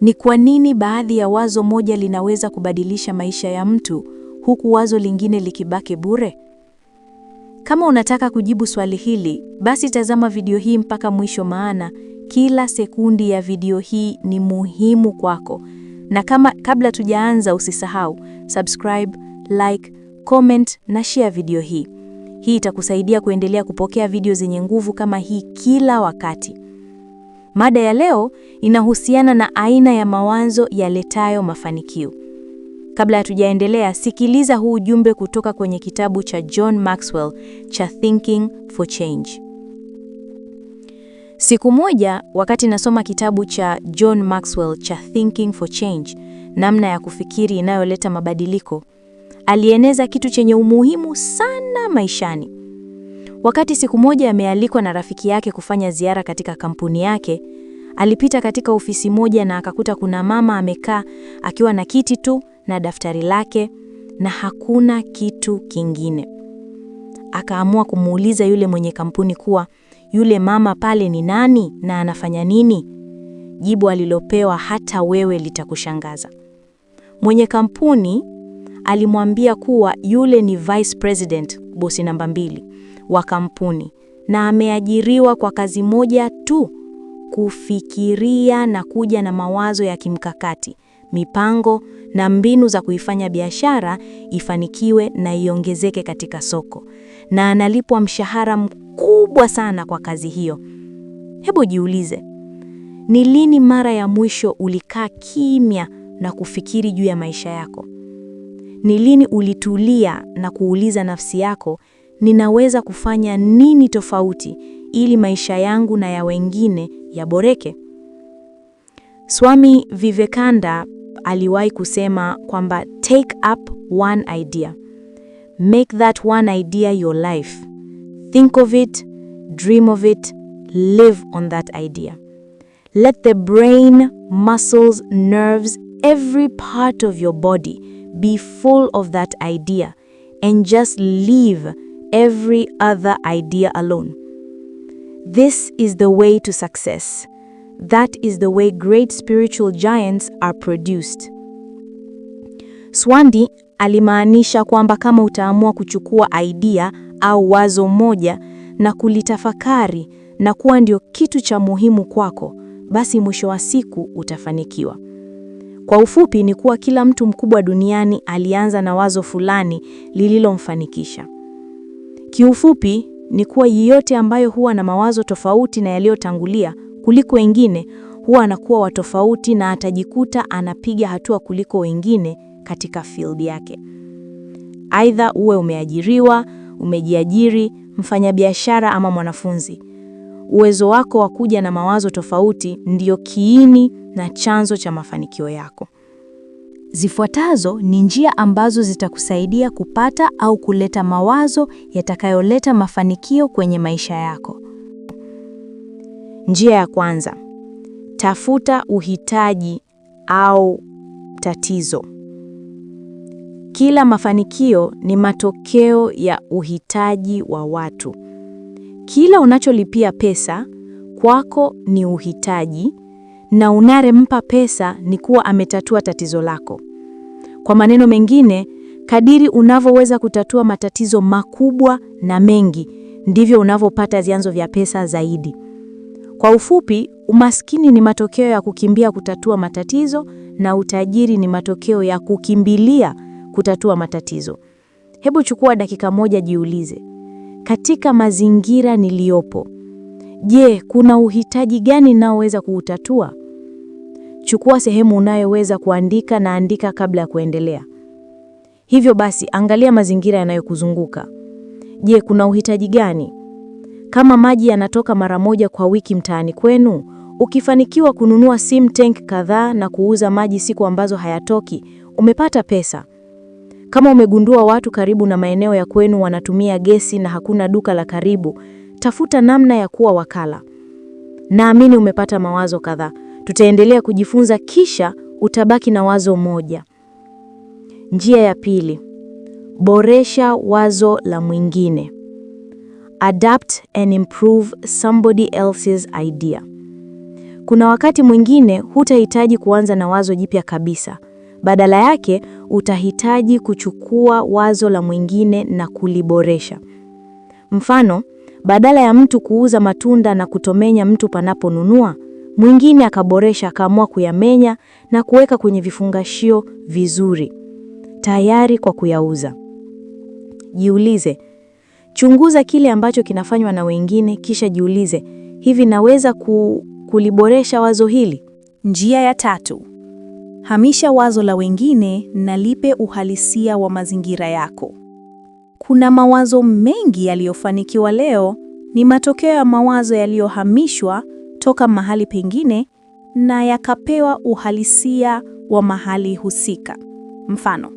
Ni kwa nini baadhi ya wazo moja linaweza kubadilisha maisha ya mtu huku wazo lingine likibaki bure? Kama unataka kujibu swali hili, basi tazama video hii mpaka mwisho maana kila sekundi ya video hii ni muhimu kwako. Na kama kabla tujaanza usisahau subscribe, like, comment na share video hii. Hii itakusaidia kuendelea kupokea video zenye nguvu kama hii kila wakati. Mada ya leo inahusiana na aina ya mawazo yaletayo mafanikio. Kabla hatujaendelea, sikiliza huu ujumbe kutoka kwenye kitabu cha John Maxwell cha Thinking for Change. Siku moja wakati nasoma kitabu cha John Maxwell cha Thinking for Change, namna ya kufikiri inayoleta mabadiliko, alieneza kitu chenye umuhimu sana maishani. Wakati siku moja amealikwa na rafiki yake kufanya ziara katika kampuni yake, alipita katika ofisi moja na akakuta kuna mama amekaa akiwa na kiti tu na daftari lake na hakuna kitu kingine. Akaamua kumuuliza yule mwenye kampuni kuwa yule mama pale ni nani na anafanya nini. Jibu alilopewa hata wewe litakushangaza. Mwenye kampuni alimwambia kuwa yule ni vice president, bosi namba mbili, wa kampuni na ameajiriwa kwa kazi moja tu, kufikiria na kuja na mawazo ya kimkakati, mipango na mbinu za kuifanya biashara ifanikiwe na iongezeke katika soko, na analipwa mshahara mkubwa sana kwa kazi hiyo. Hebu jiulize, ni lini mara ya mwisho ulikaa kimya na kufikiri juu ya maisha yako? Ni lini ulitulia na kuuliza nafsi yako ninaweza kufanya nini tofauti ili maisha yangu na ya wengine yaboreke? Swami Vivekananda aliwahi kusema kwamba take up one idea. Make that one idea your life. Think of it, dream of it, live on that idea. Let the brain, muscles, nerves, every part of your body be full of that idea and just live every other idea alone. This is the way to success. That is the way great spiritual giants are produced. Swandi alimaanisha kwamba kama utaamua kuchukua idea au wazo moja na kulitafakari na kuwa ndio kitu cha muhimu kwako, basi mwisho wa siku utafanikiwa. Kwa ufupi ni kuwa kila mtu mkubwa duniani alianza na wazo fulani lililomfanikisha. Kiufupi ni kuwa yeyote ambayo huwa na mawazo tofauti na yaliyotangulia kuliko wengine huwa anakuwa wa tofauti na atajikuta anapiga hatua kuliko wengine katika field yake. Aidha uwe umeajiriwa, umejiajiri, mfanyabiashara ama mwanafunzi. Uwezo wako wa kuja na mawazo tofauti ndiyo kiini na chanzo cha mafanikio yako. Zifuatazo ni njia ambazo zitakusaidia kupata au kuleta mawazo yatakayoleta mafanikio kwenye maisha yako. Njia ya kwanza, tafuta uhitaji au tatizo. Kila mafanikio ni matokeo ya uhitaji wa watu. Kila unacholipia pesa kwako ni uhitaji na unarempa pesa ni kuwa ametatua tatizo lako. Kwa maneno mengine, kadiri unavyoweza kutatua matatizo makubwa na mengi, ndivyo unavyopata vyanzo vya pesa zaidi. Kwa ufupi, umaskini ni matokeo ya kukimbia kutatua matatizo na utajiri ni matokeo ya kukimbilia kutatua matatizo. Hebu chukua dakika moja, jiulize, katika mazingira niliyopo Je, kuna uhitaji gani naoweza kuutatua? Chukua sehemu unayoweza kuandika na andika kabla ya kuendelea. Hivyo basi, angalia mazingira yanayokuzunguka. Je, kuna uhitaji gani? Kama maji yanatoka mara moja kwa wiki mtaani kwenu, ukifanikiwa kununua sim tank kadhaa na kuuza maji siku ambazo hayatoki, umepata pesa. Kama umegundua watu karibu na maeneo ya kwenu wanatumia gesi na hakuna duka la karibu, tafuta namna ya kuwa wakala. Naamini umepata mawazo kadhaa, tutaendelea kujifunza, kisha utabaki na wazo moja. Njia ya pili, boresha wazo la mwingine, adapt and improve somebody else's idea. Kuna wakati mwingine hutahitaji kuanza na wazo jipya kabisa. Badala yake utahitaji kuchukua wazo la mwingine na kuliboresha. Mfano, badala ya mtu kuuza matunda na kutomenya mtu panaponunua, mwingine akaboresha, akaamua kuyamenya na kuweka kwenye vifungashio vizuri tayari kwa kuyauza. Jiulize, chunguza kile ambacho kinafanywa na wengine, kisha jiulize, hivi naweza ku, kuliboresha wazo hili? Njia ya tatu, hamisha wazo la wengine na lipe uhalisia wa mazingira yako. Kuna mawazo mengi yaliyofanikiwa leo ni matokeo ya mawazo yaliyohamishwa toka mahali pengine na yakapewa uhalisia wa mahali husika. Mfano,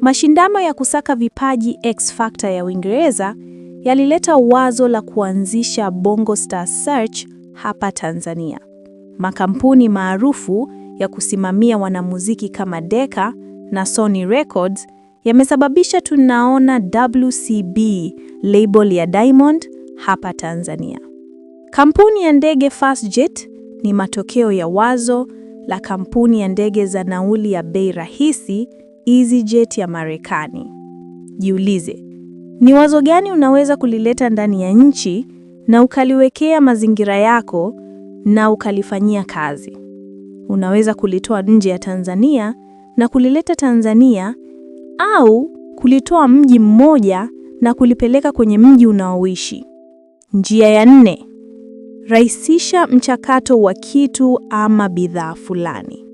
mashindano ya kusaka vipaji X Factor ya Uingereza yalileta wazo la kuanzisha Bongo Star Search hapa Tanzania. Makampuni maarufu ya kusimamia wanamuziki kama Decca na Sony Records yamesababisha tunaona WCB label ya Diamond hapa Tanzania. Kampuni ya ndege Fastjet ni matokeo ya wazo la kampuni ya ndege za nauli ya bei rahisi EasyJet ya Marekani. Jiulize, ni wazo gani unaweza kulileta ndani ya nchi na ukaliwekea mazingira yako na ukalifanyia kazi? Unaweza kulitoa nje ya Tanzania na kulileta Tanzania au kulitoa mji mmoja na kulipeleka kwenye mji unaoishi. Njia ya nne, rahisisha mchakato wa kitu ama bidhaa fulani.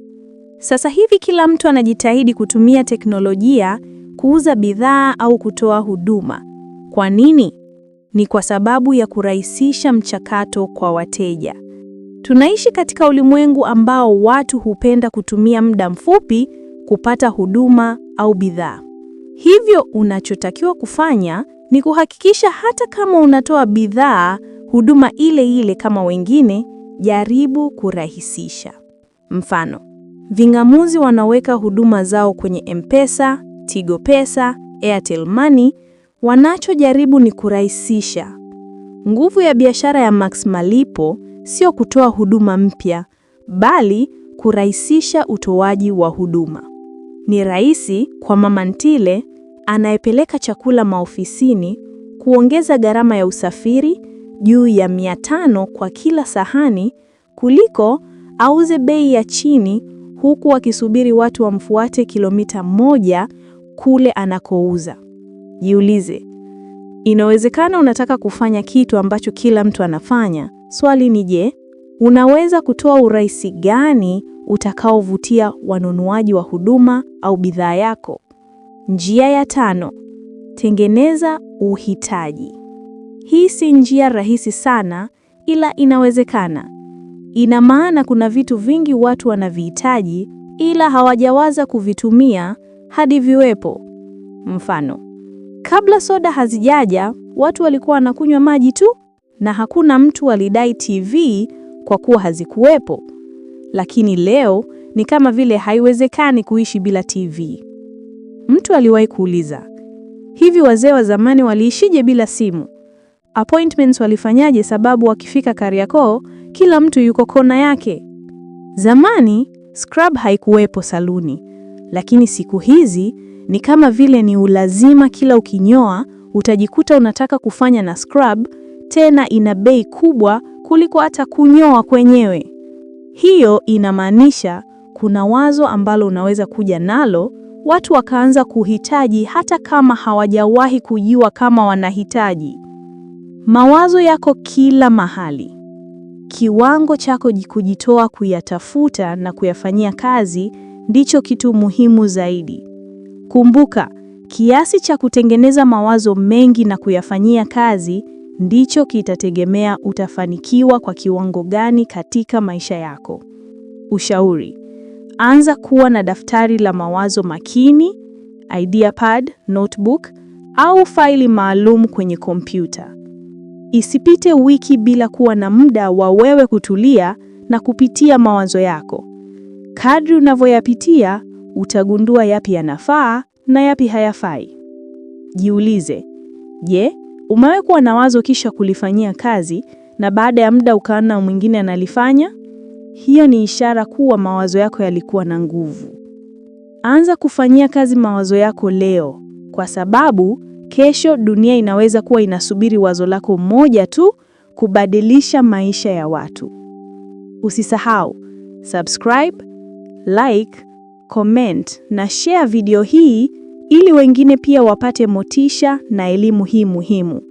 Sasa hivi kila mtu anajitahidi kutumia teknolojia kuuza bidhaa au kutoa huduma. Kwa nini? Ni kwa sababu ya kurahisisha mchakato kwa wateja. Tunaishi katika ulimwengu ambao watu hupenda kutumia muda mfupi kupata huduma au bidhaa. Hivyo unachotakiwa kufanya ni kuhakikisha hata kama unatoa bidhaa, huduma ile ile kama wengine, jaribu kurahisisha. Mfano, Ving'amuzi wanaweka huduma zao kwenye M-Pesa, Tigo Pesa, Airtel Money, wanachojaribu ni kurahisisha. Nguvu ya biashara ya Max Malipo sio kutoa huduma mpya, bali kurahisisha utoaji wa huduma. Ni rahisi kwa mama ntile anayepeleka chakula maofisini kuongeza gharama ya usafiri juu ya mia tano kwa kila sahani kuliko auze bei ya chini huku akisubiri watu wamfuate kilomita moja kule anakouza. Jiulize, inawezekana unataka kufanya kitu ambacho kila mtu anafanya. Swali ni je, unaweza kutoa urahisi gani utakaovutia wanunuaji wa huduma au bidhaa yako. Njia ya tano, tengeneza uhitaji. Hii si njia rahisi sana, ila inawezekana. Ina maana kuna vitu vingi watu wanavihitaji ila hawajawaza kuvitumia hadi viwepo. Mfano, kabla soda hazijaja, watu walikuwa wanakunywa maji tu na hakuna mtu alidai TV kwa kuwa hazikuwepo lakini leo ni kama vile haiwezekani kuishi bila TV. Mtu aliwahi kuuliza, hivi wazee wa zamani waliishije bila simu? Appointments walifanyaje? Sababu wakifika Kariakoo kila mtu yuko kona yake. Zamani scrub haikuwepo saluni, lakini siku hizi ni kama vile ni ulazima. Kila ukinyoa utajikuta unataka kufanya na scrub, tena ina bei kubwa kuliko hata kunyoa kwenyewe. Hiyo inamaanisha kuna wazo ambalo unaweza kuja nalo, watu wakaanza kuhitaji hata kama hawajawahi kujua kama wanahitaji. Mawazo yako kila mahali. Kiwango chako kujitoa kuyatafuta na kuyafanyia kazi ndicho kitu muhimu zaidi. Kumbuka, kiasi cha kutengeneza mawazo mengi na kuyafanyia kazi ndicho kitategemea utafanikiwa kwa kiwango gani katika maisha yako. Ushauri: anza kuwa na daftari la mawazo makini, idea pad, notebook au faili maalum kwenye kompyuta. Isipite wiki bila kuwa na muda wa wewe kutulia na kupitia mawazo yako. Kadri unavyoyapitia, utagundua yapi yanafaa na yapi hayafai. Jiulize, je, Umewahi kuwa na wazo kisha kulifanyia kazi na baada ya muda ukaona mwingine analifanya? Hiyo ni ishara kuwa mawazo yako yalikuwa na nguvu. Anza kufanyia kazi mawazo yako leo, kwa sababu kesho dunia inaweza kuwa inasubiri wazo lako moja tu kubadilisha maisha ya watu. Usisahau subscribe, like, comment na share video hii ili wengine pia wapate motisha na elimu hii muhimu.